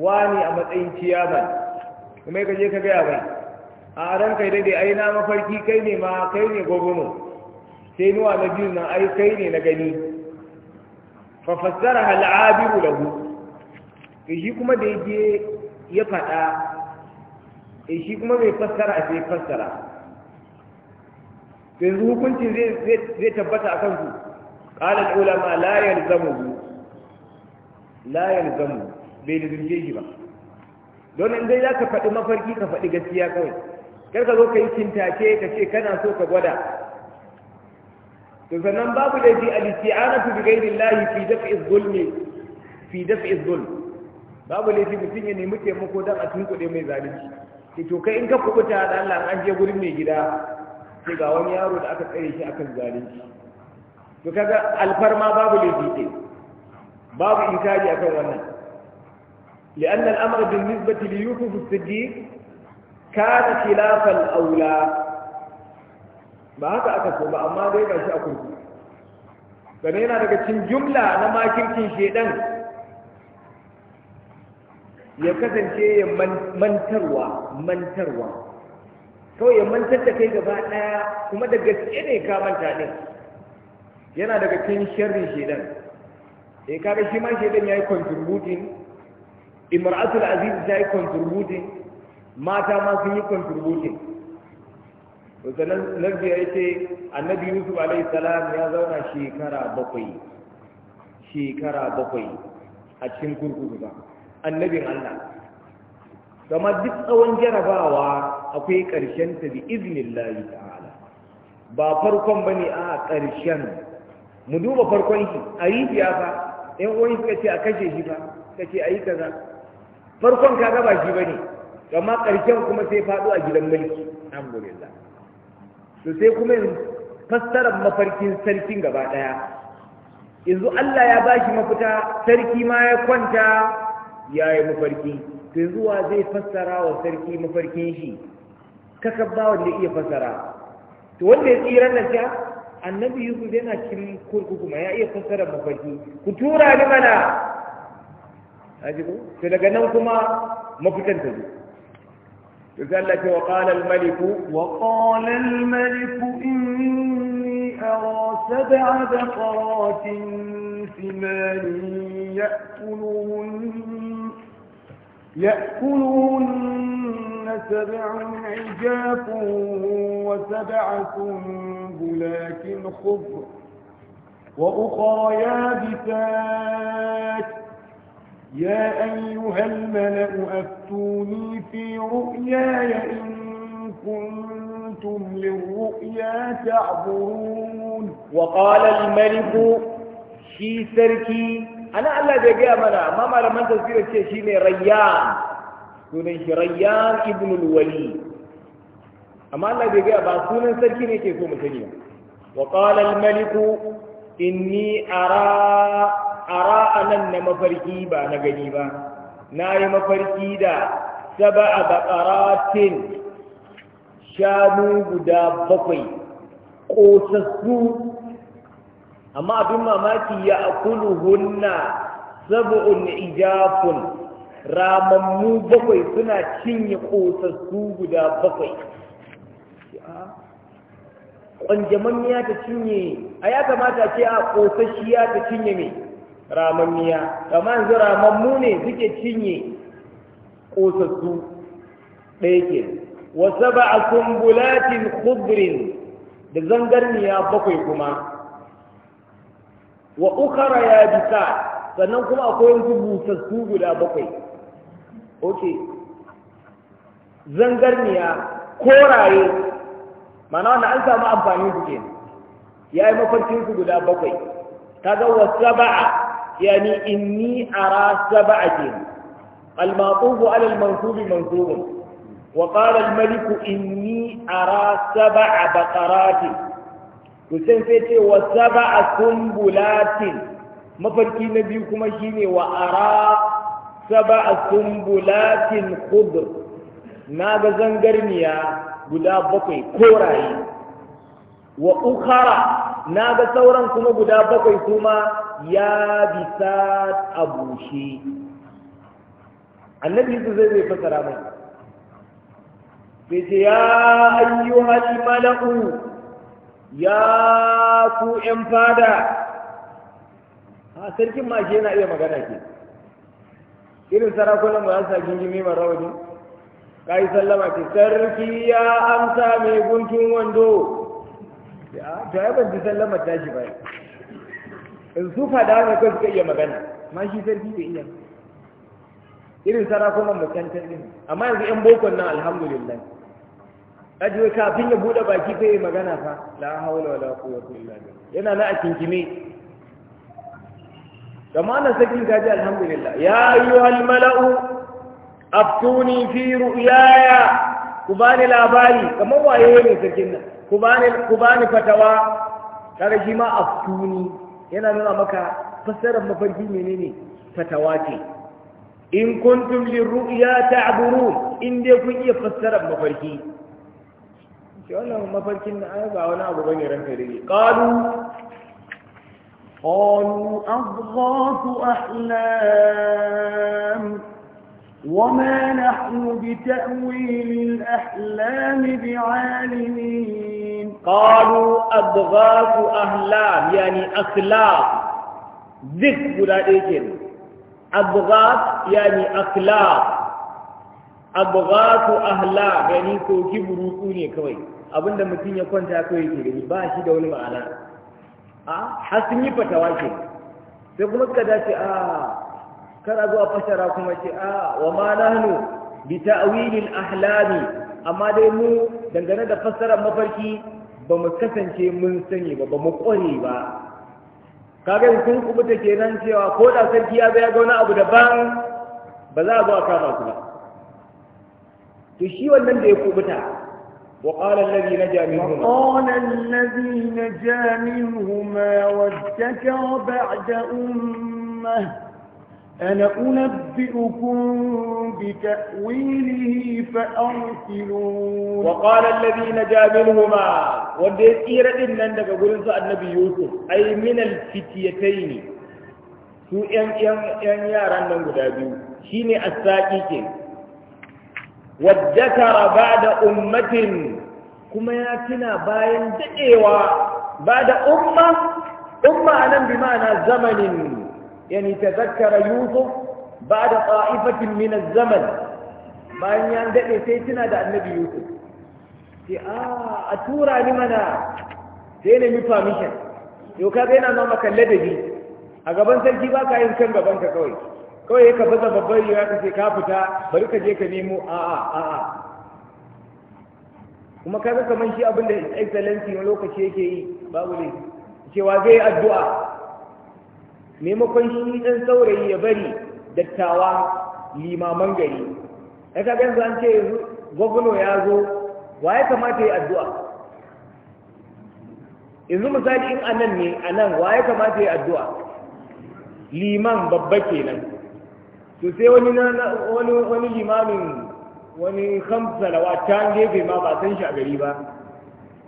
wani a matsayin ciyaman kuma ka je ka gaya bai a ran kai dai ai na mafarki kai ne ma kai ne gogono sai nuwa na biyu nan ai kai ne na gani fa fassara abiru lahu to eh, shi kuma da yake ya faɗa eh shi kuma mai fassara sai fassara to yanzu hukuncin zai zai tabbata akan su qala ulama la yalzamu la yalzamu bai da shi ba don in dai za ka faɗi mafarki ka faɗi gaskiya kawai kar ka zo ka yi kintace ka ce kana so ka gwada to sannan babu laifi al-isti'anatu bi ghairillahi fi daf'i ne, fi daf'i zulm babu laifi mutum ya nemi taimako don a tunkuɗe mai zalunci ke to kai in ka kubuta da Allah an je gurin mai gida sai ga wani yaro da aka tsare shi akan zalunci to kaga alfarma babu laifi ke babu inkari akan wannan لأن الأمر بالنسبة ليوسف الصديق كان خلاف الأولى ba haka aka so ba amma zai ga shi a kurku gane yana daga cin jumla na makirkin shedan ya kasance ya mantarwa mantarwa kawai ya mantar da kai gaba daya kuma da gaske ne ka manta ne. yana daga cin sharrin shedan eh kaga shi ma shedan yayi contributing imra'atul aziz ta yi contributing mata ma sun yi contributing to sanan lafiya ya ce annabi yusuf alaihi salam ya zauna shekara bakwai shekara bakwai a cikin kurkuku ba annabin allah kama duk tsawon jarabawa akwai ƙarshen ta bi iznin layi ta'ala ba farkon ba ne a ƙarshen mu duba farkon shi a yi biya fa ɗan uwan suka ce a kashe shi fa suka ce a yi kaza farkon ka gaba shi bane amma ƙarshen kuma sai faɗo a gidan mulki alhamdulillah to sai kuma fassarar mafarkin sarkin gaba ɗaya yanzu Allah ya bashi mafita sarki ma ya kwanta ya yi mafarki to yanzu wa zai fassara wa sarki mafarkin shi kaka ba wanda iya fassara to wanda ya tsira nan sha, annabi yusuf yana cikin kurkuku ma ya iya fassara mafarki ku tura ni mana ajibu to daga nan kuma mafitan ta وقال الملك وقال الملك إني أرى سبع بقرات ثمان يأكلهن يأكلهن سبع عجاف وسبع سنبلات خضر وأخرى يابسات يا أيها الملأ أفتوني في رؤياي إن كنتم للرؤيا تعبرون وقال الملك في سركي أنا ألا دقاء منا ما مالا من تذكير الشيء شيني ريان سنين ريان ابن الوليد أما ألا دقاء بعد سنين سركي نيكي سوم وقال الملك إني أرى ara anan na mafarki ba na gani ba na yi mafarki da a baƙaratin shanu guda bakwai ƙosassu amma abin mamaki ya akulu hunna sab'un ijafun ramammu bakwai suna cinye ƙosassu guda bakwai ya ta cinye a ya kamata ce a ya ta cinye mai ramammiya kamar yanzu ramammu ne suke cinye ƙosassu ɗaya ke wasu ba a kumbulatin kubrin da zangarniya bakwai kuma wa ukara ya bisa sannan kuma akwai yanzu busassu guda bakwai ok zangarniya koraye mana wanda an samu amfani su ke ya yi mafarkinsu guda bakwai ta ga wasu a. يعني إني أرى سبعة المعطوف على المنصوب منصوب وقال الملك إني أرى سبع بقرات وسنفيتي وسبع سنبلات مفركي نبيكم شيني وأرى سبع سنبلات خضر ناغ زنجرنيا guda bakwai koraye wa ukara na ga sauran kuma guda bakwai kuma ya bisa a bushe annabi su zai zai fasara mai sai ce ya hali mala'u ya ku 'yan fada a sarkin mashi yana iya magana ke irin sarakunan ba za su gingime mai rawani ka yi sallama ce sarki ya amsa mai guntun wando to ya ban ji sallama tashi ba in su fada ne ko suka iya magana ma shi sarki da iya irin sarakunan mutantan din amma yanzu yan bokon nan alhamdulillah ajiye kafin ya bude baki sai ya magana fa la haula wala quwwata illa billah yana na a kinkime kama na sakin kaji alhamdulillah ya ayyuhal mala'u aftuni fi ru'yaya ku bani labari kamar waye ne sarkin nan ku bani fatawa kada shi ma aftuni yana nuna maka fassarar mafarki menene fatawa ce in kuntum lirru'ya ta'burun in dai kun iya fassarar mafarki shi wannan mafarkin na ai ba wani abu bane ranka dai qalu qalu adghafu ahlam وما نحن بتأويل الأحلام بعالمين قالوا أضغاث أحلام يعني أخلاق ذك ولا إيجن أضغاث يعني أخلاق أضغاث أحلام يعني كوكي بروكوني كوي abin da mutum ya kwanta kawai ke gani ba shi da wani ma'ana a har sun yi fatawa ke sai kuma suka dace a kana zuwa fashara kuma ce a ah, wa ma nahnu bi ta'wilil ahlami amma dai mu dangane da fassarar mafarki ba mu kasance mun sani ba ba mu kware ba kaga sun kubuta kenan cewa ko da sarki ya ya ga wani abu daban ba za a zo a kama su ba to shi wannan da ya kubuta وقال الذي نجا منهما وقال الذي نجا منهما وادكر بعد أمه أنا أنبئكم بتأويله فأرسلون وقال الذي نجا منهما ودي إيرة إن عندك قلت النبي يوسف أي من الفتيتين su ‘yan yaran nan guda biyu shi ne a saƙi ke ba da ummatin kuma ya tuna bayan daɗewa ba da umma umma a nan bi ma'ana zamanin يعني تذكر يوسف بعد طائفة من الزمن ما أن سيتنا دا النبي يوسف تي آه a tura ni mana sai na mi permission yau ka ga yana ma maka ladabi a gaban sarki ba ka kan kawai kawai ka baza babbar riga ka sai ka fita bari ka je ka nemo a a a a kuma ka ga kamar shi abin da excellency wani lokaci yake yi babu ne cewa zai addu'a maimakon shi ɗan saurayi ya bari dattawa limaman gari ya kaga yanzu an ce gwagwano ya zo wa ya kamata ya addu'a yanzu misali in anan ne anan wa ya kamata ya addu'a liman babba kenan to sai wani wani wani limamin wani khamsa da wata gefe ma ba san shi a gari ba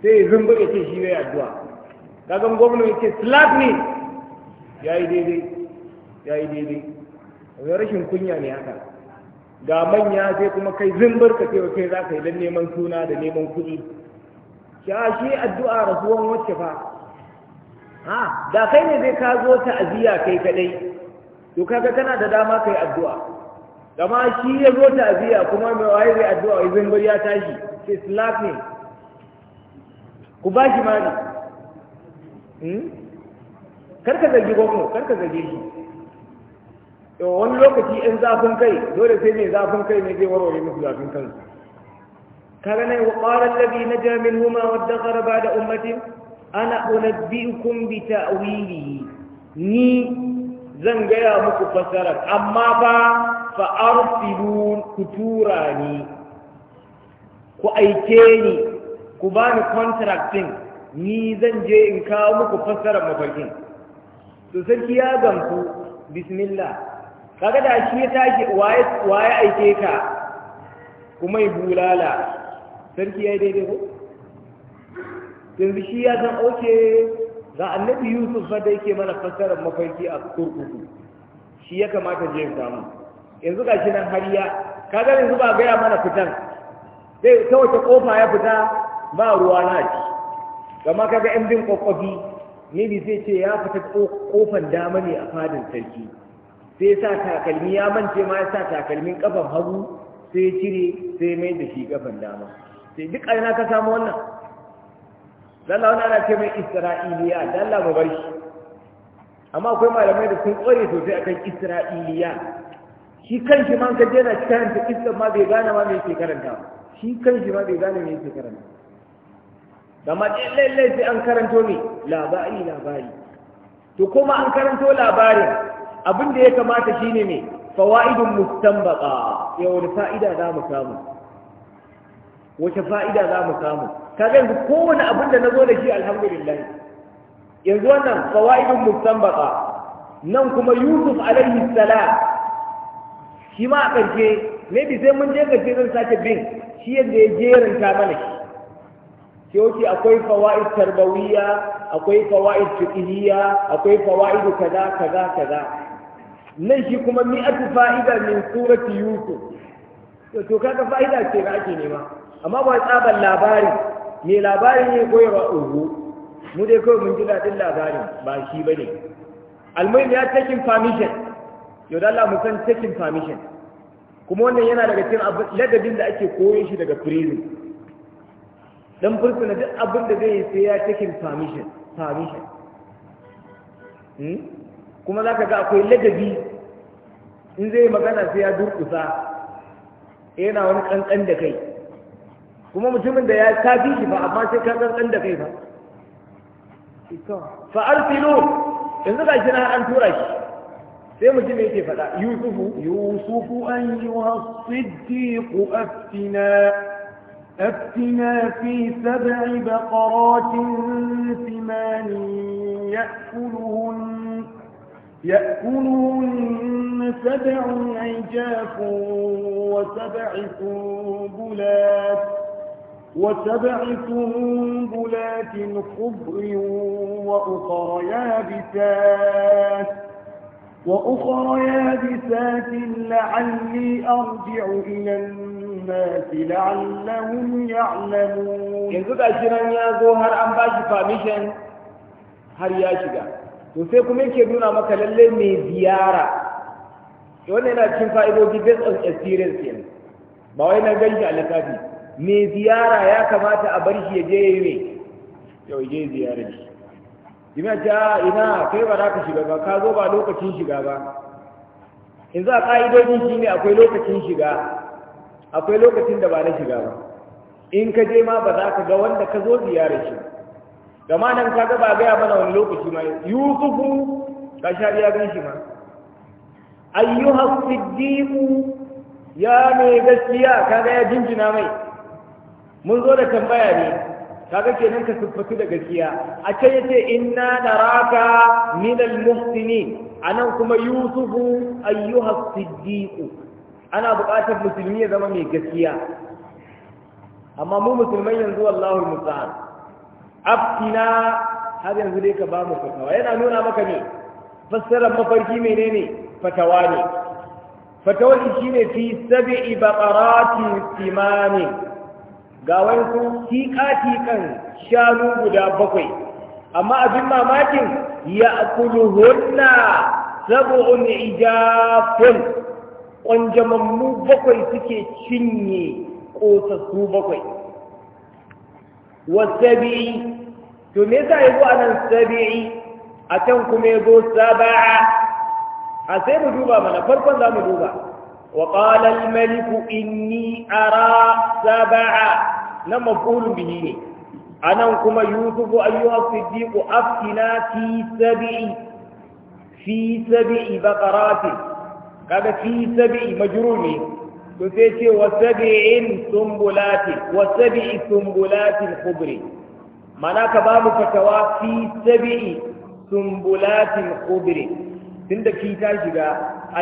sai zumbu ya ce shi zai addu'a kaga gwamnati ya ce slap ne ya yi daidai ya yi daidai wani rashin kunya ne haka ga manya sai kuma kai zimbar ka ce kai za ka yi don neman suna da neman kuɗi ya shi addu'a rasuwan wacce fa ha da kai ne zai ka zo aziya kai kadai to kaga kana da dama kai addu'a Gama shi ya zo aziya kuma mai waye zai addu'a wai zimbar ya tashi sai slap ne ku ba shi mani hmm? kar ka zargi gwamna kar ka zargi shi to wani lokaci in zafin kai dole sai mai zafin kai ne zai warware musu zafin kansu na ne wa na jami'in huma wadda ƙaraba ba'da ummatin ana unabbiukum bi ta'wilihi ni zan gaya muku fasarar amma ba fa ku kutura ni ku aike ni ku bani contracting ni zan je in kawo muku fasarar mafarkin to sarki ya gamsu bismillah kaga da shi ya tashi waye waye aike ka kuma yi bulala sarki ya yi daidai ko yanzu shi ya san oke ga annabi yusuf fa da yake mana fassarar mafarki a kurkuku shi ya kamata je samu yanzu ga shi nan hariya kaga yanzu ba gaya mana fitan sai ta wace kofa ya fita ba ruwa na ci kama kaga yan bin kwakwabi maybe sai ce ya fita kofan dama ne a fadin sarki sai sa takalmi ya mance ma ya sa takalmin kafan hagu sai cire sai mai da shi kafan dama sai duk aina ka samu wannan lalla wani ana ce mai isra'iliya lalla mu bar shi amma akwai malamai da sun kware sosai akan isra'iliya shi kan shi ma ka jena cikin ta islam ma bai gane ma mai yake karanta shi kan shi ma bai gane me yake karanta amma lallai sai an karanto ne labari labari to kuma an karanto labarin abin da ya kamata shine ne fawa'idun mustanbaqa ya wani fa'ida za mu samu wace fa'ida za mu samu kaga yanzu kowane abin da nazo da shi alhamdulillah yanzu wannan fawa'idun mustanbaqa nan kuma yusuf alaihi salam shi ma a ƙarshe maybe sai mun je ƙarshe zan sake bin shi yadda ya jeranta mana shi sai akwai fawaid tarbawiyya akwai fawaid fiqhiyya akwai fawaid kaza kaza kaza nan shi kuma mi'atu fa'ida min surati yusuf to kaga fa'ida ce da ake nema amma ba tsaban labari me labarin ne koyarwa uhu mu dai kawai mun ji daɗin labarin ba shi ba ne almuhim ya taking permission yau da Allah mu san taking permission kuma wannan yana daga cikin ladabin da ake koyon shi daga prison dan fursuna duk abin da zai sai ya cikin permission permission hmm? kuma za ka ga akwai ladabi in zai magana sai ya durkusa yana wani kankan da kai kuma mutumin da ya tafi shi ba amma sai ka kankan da kai ba fa arsilu yanzu ga shi na an tura shi sai mutum yake faɗa yusufu yusufu an yi wa siddiqu aftina أفتنا في سبع بقرات ثمان يأكلهن يأكلهن سبع عجاف وسبع سنبلات وسبع سنبلات خضر وأخر يابسات وأخر يابسات لعلي أرجع إلى النار للناس لعلهم يعلمون yanzu ga kiran ya zo har an ba shi permission har ya shiga to sai kuma yake nuna maka lalle mai ziyara wannan yana cikin fa'idodi based on experience yanzu. ba wai na shi a littafi mai ziyara ya kamata a bar shi ya je yi mai yau je ziyara shi ina ta ah, ina kai ba za ka shiga ba ka zo ba lokacin shiga ba Yanzu, a ƙa'idojin shi ne akwai lokacin shiga akwai lokacin da ba na shiga ba in ka je ma ba za ka ga wanda ka zo ziyarar shi gama nan ka ga ba gaya mana wani lokaci ma yusufu ka sha ya gan shi ma ayyuha siddiqu ya mai gaskiya kaga ya jinjina mai mun zo da tambaya ne kaga kenan ka siffatu da gaskiya a can yace inna naraka min al-muhsinin anan kuma yusufu ayyuha siddiqu ana buƙatar musulmi ya zama mai gaskiya amma mu musulmai yanzu wallahu musta'an abtina har yanzu dai ka ba mu fatawa yana nuna maka ne fassara mafarki menene fatawa ne fatawa shi ne fi sab'i baqaratin simani ga wani tika tikan shanu guda bakwai amma abin mamakin ya akuluhunna sab'un ijafun ƙwanjamammu bakwai suke cinye ƙosassu bakwai wasabi'i to me yi yazo anan sabi'i a can kuma yazo saba'a a sai mu duba mana farkon za mu duba wa qala al inni ara saba'a na maf'ulun bihi ne anan kuma yusuf ayyuha siddiq afkina fi sabi'i fi sabi'i baqaratin kaga fi sabi'i majrumi to sai ce wa sabi'in sumbulati wa sabi'i sumbulatin khubri mana ka ba mu fatawa fi sabi'i sumbulatin khubri tunda fi ta shiga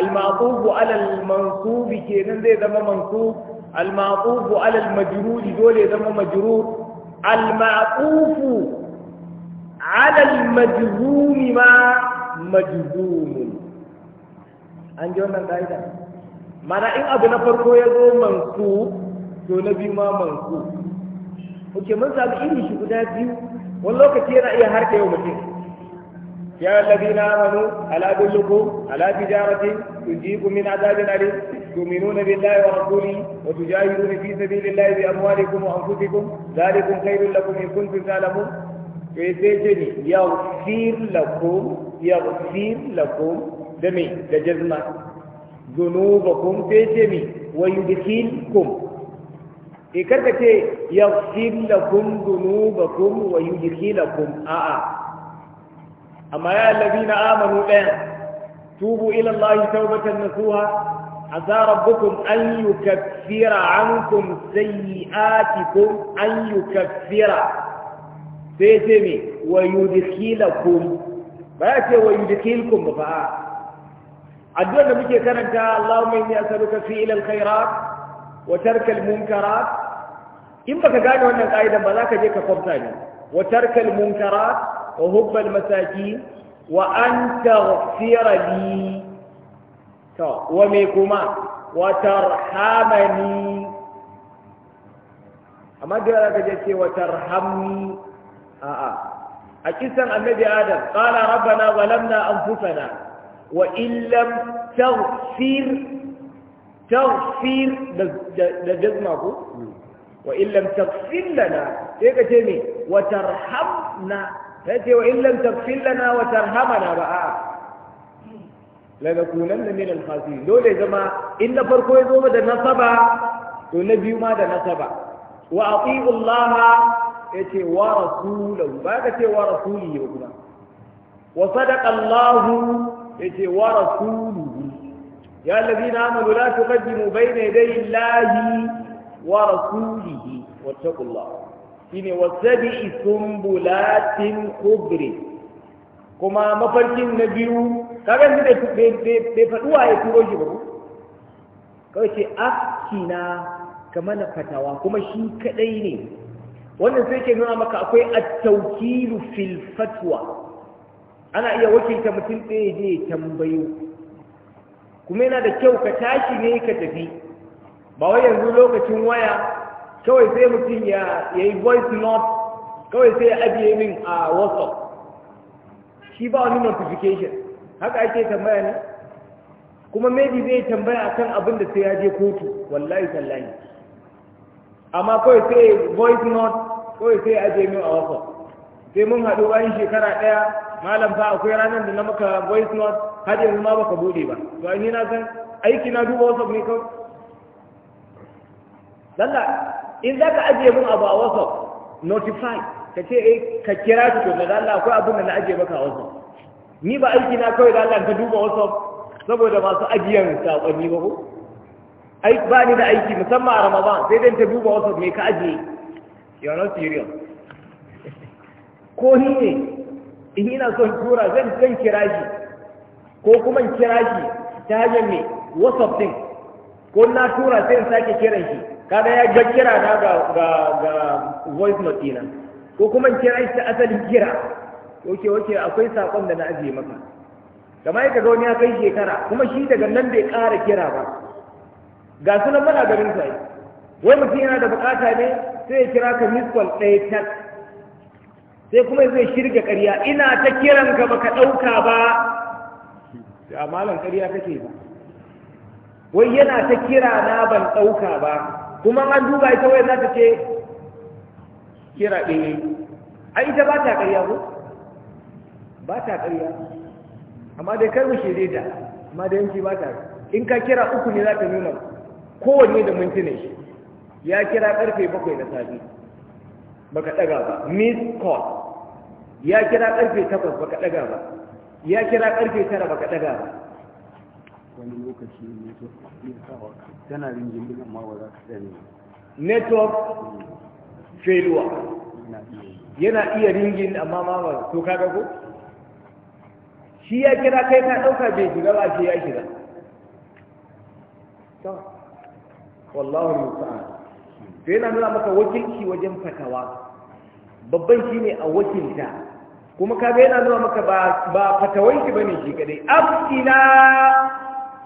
al-ma'tufu ala al-mansub kenan zai zama mansub al-ma'tufu ala al-majrur dole zama majrur al-ma'tufu ala al-majzum ma majzumun an ji wannan ka'ida mana in abu na farko ya zo manku to na biyu ma manku muke mun samu iri shi guda biyu wani lokaci yana iya harka yau mutum ya lafi na amanu alabin lukku alabi jarati tujibu min azabin ali tuminuna billahi wa rasuli wa tujahiduna fi sabilillahi bi amwalikum wa anfusikum dhalikum khairun lakum in kuntum ta'lamun to yau ni yaghfir yau yaghfir lakum da me da jazma zunubakum sai ce mi wa yudkhilkum e eh, karka ce yaghfir lakum dhunubakum wa yudkhilakum a'a amma ya alladhina amanu ɗaya tubu ila Allah tawbatan nasuha asa rabbukum an yukaffira ankum sayyi'atikum an yukaffira sai ce mi wa yudkhilakum ba ya ce wa yudkhilkum ba addu'ar da muke karanta Allahumma inni as'aluka fi ilal khairat wa tarkal munkarat in baka gane wannan ka'idan ba za ka je ka kwamta ne wa tarkal munkarat wa hubbal masakin wa an taghfira li to wa me kuma wa tarhamani amma da za ka je ce wa tarhamni a'a a kisan annabi adam qala rabbana zalamna anfusana وإن لم تغفر تغفر لجزمه وإن لم تغفر لنا تيكا تيمي وترحمنا تأتي وإن لم تغفر لنا وترحمنا بقى لنكونن من الخاسرين دولة زما إن فرقوا يزوم ده نصبا ونبي ما ده نصبا وأطيعوا الله يتي ورسوله بعد تي ورسوله وصدق الله yace wa rasuluhu ya allazina amanu la tuqaddimu bayna yaday illahi wa rasulihi wattaqullah shine wasabi sumbulatin khubri kuma mafarkin na biyu kaga ni da bai faduwa ya turo shi ba kawai ce afkina ah, ka mana fatawa kuma shi kadai ne wannan sai ke nuna maka akwai at-tawkilu fil fatwa ana iya wakilta mutum ɗaya je ya tambayo kuma yana da kyau ka tashi ne ka tafi ba wai yanzu lokacin waya kawai sai mutum ya yi voice note kawai sai ya ajiye min a whatsapp shi ba wani notification haka ake tambaya ne kuma maybe zai tambaya akan abin da sai ya je kotu wallahi tallahi amma kawai sai voice note kawai sai ya ajiye min a whatsapp sai mun haɗu bayan shekara ɗaya malam fa akwai ranar da na maka voice note har yanzu ma baka bude ba to ni na san aiki na duba whatsapp ne kawai lalla in zaka ajiye mun abu a whatsapp notify ka ce eh ka kira shi to da Allah akwai abin da na ajiye maka a whatsapp ni ba aiki na kawai da Allah ka duba whatsapp saboda masu ajiyan sakonni ba ko ai ba ni da aiki musamman a Ramadan sai dan ta duba whatsapp me ka ajiye you are not serious ko ni ne in ina son tura zan kai kira shi ko kuma in kira shi ta hanyar me whatsapp din ko na tura sai in sake kiran shi kada ya ga kira na ga ga ga voice note dina ko kuma in kira shi ta asalin kira oke oke akwai sakon da na ajiye maka kamar yadda ga wani ya kai shekara kuma shi daga nan bai ƙara kira ba ga sunan muna garin sai wai mutum yana da bukata ne sai ya kira ka miss call ɗaya tak sai kuma zai shirga ƙarya ina ta kiran ka baka ɗauka ba da malam ƙarya kake ba wai yana ta kira na ban ɗauka ba kuma an duba ita wai za ta ce kira ɗaya ai ita ba ta ƙarya ko ba ta ƙarya amma dai kar mu shirye da amma da yanki ba ta in ka kira uku ne za ta nuna kowanne da mintunan shi ya kira ƙarfe bakwai na safe baka ɗaga ba miss call ya kira karfe takwas baka daga ba ya kira karfe tara baka daga ba wani lokaci ne to tana ringin din amma ba za ka tsare network failure yana iya ringin amma ma ba to kaga ko shi ya kira kai ka dauka bai shiga ba shi ya shiga to wallahi musta'an sai yana nuna maka wakilci wajen fatawa babban shine a wakilta kuma kaga yana nuna maka ba fatawanki ba ne shi kadai afkila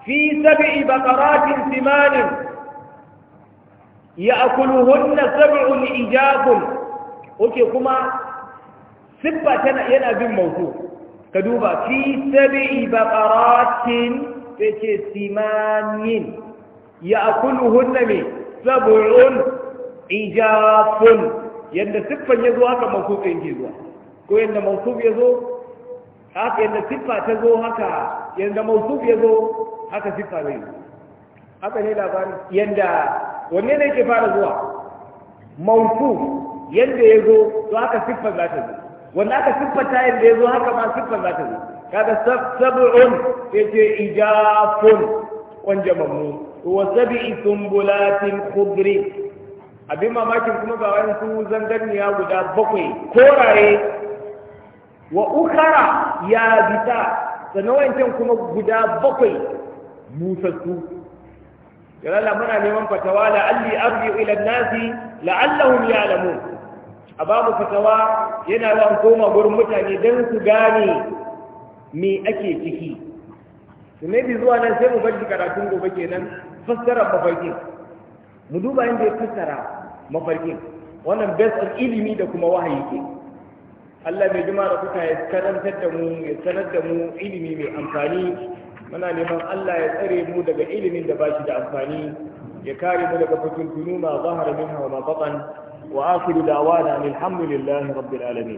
fi sab'i baqaratin simanin ya'kuluhunna sab'un ijabun oke kuma siffa tana yana bin mautu ka duba fi sab'i baqaratin tace simanin ya'kuluhunna me sab'un ijafun yadda siffan ya zo haka mautu ɗin ke zuwa ko yadda mausuf ya zo haka yadda siffa ta zo haka yadda mausuf ya zo haka siffa zai zo haka ne labarin yadda wanne ne ke fara zuwa mausuf yadda ya zo to haka siffa za ta zo wanda aka siffata yadda ya zo haka ma siffa za ta zo kaga sab'un sai ce ijafun kwanjamammu wa sab'i sumbulatin khudri abin mamakin kuma ba wani su zangarniya guda bakwai koraye wa ukhara ya bita sannan wancan kuma guda bakwai musassu yalla muna neman fatawa la alli arji ila nasi la'allahum ya'lamun a babu fatawa yana zan koma gurin mutane don su gane me ake ciki su ne bi zuwa nan sai mu bari karatun gobe kenan fassara mafarkin mu duba inda ya fassara mafarkin wannan best ilimi da kuma wahayi ke Allah mai jima da kuka ya karantar da mu ya sanar da mu ilimi mai amfani muna neman Allah ya tsare mu daga ilimin da bashi da amfani ya kare mu daga fitintunu ma zahara minha wa ma batan wa akhiru da'wana alhamdulillahi rabbil alamin